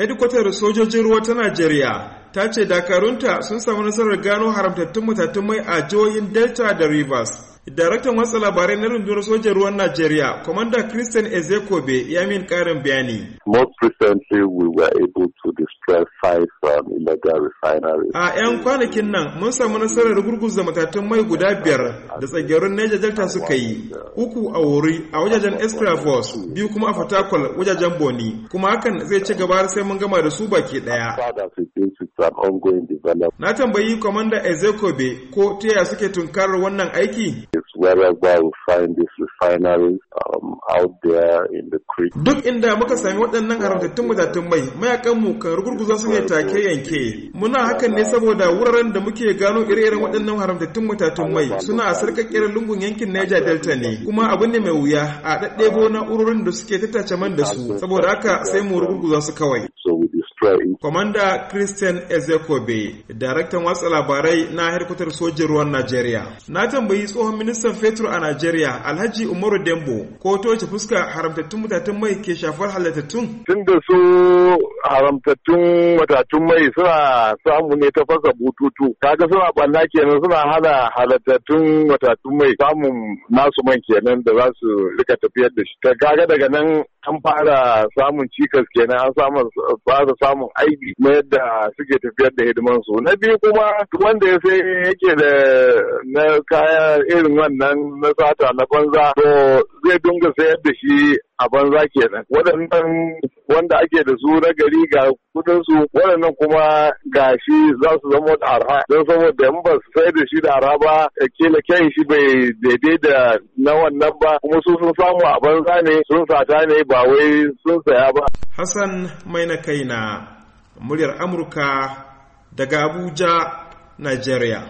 hedikwatar sojojin ruwa ta najeriya ta ce dakarunta sun samu nasarar gano haramtattun matattun mai a jihohin delta da rivers daraktan watsa labarai na rundunar sojan ruwan najeriya commander christian ezekobe ya min karin bayani most recently we were able to sell five from um, illegal refineries. A 'yan kwanakin nan mun samu nasarar gurguza matatun mai guda biyar da tsagerun Niger Delta suka yi, uku a wuri a wajajen Escravos, biyu kuma a Fatakwal wajajen Boni, kuma hakan zai ci gaba sai mun gama da su baki ɗaya. Na tambayi Kwamanda Ezekobe ko ta yaya suke tunkarar wannan aiki? wherever we find these refineries um, out there in the creek. Duk inda muka sami waɗannan haramtattun mutattun mai mayakan mu kan rugurguza su ne take yanke. Muna hakan ne saboda wuraren da muke gano ire-iren waɗannan haramtattun mutattun mai suna a sarƙaƙƙiyar lungun yankin Niger Delta ne kuma abu ne mai wuya a ɗaɗɗebo na'urorin da suke tattace man da su saboda haka sai mu rugurguza su kawai. trying. Komanda Christian Ezekobe, daraktan watsa labarai na harkutar sojin ruwan Najeriya. Na tambayi tsohon ministan fetur a Najeriya, Alhaji Umaru Dembo, ko toce fuska haramtattun mutatun mai ke shafar halittattun? Tun da su haramtattun matatun mai suna samu ne ta fasa bututu kaga suna ɓanna kenan suna hana halattattun matatun mai samun nasu man kenan da za su rika tafiyar da shi kaga daga nan an fara samun cikas kenan an samu fara samun aiki na yadda suke tafiyar da hidiman su na biyu kuma wanda ya sai yake da na kaya irin wannan na sata na banza to zai dinga sayar da shi a banza kenan waɗannan wanda ake da su na gari ga kudinsu waɗannan kuma ga shi za su zama da arha don saboda in ba su sayar da shi da arha ba eh, kila kyan shi bai daidai da na wannan ba kuma su sun samu a banza ne sun sata ne ba wai sun saya ba hassan mai na kai na muryar amurka daga abuja nigeria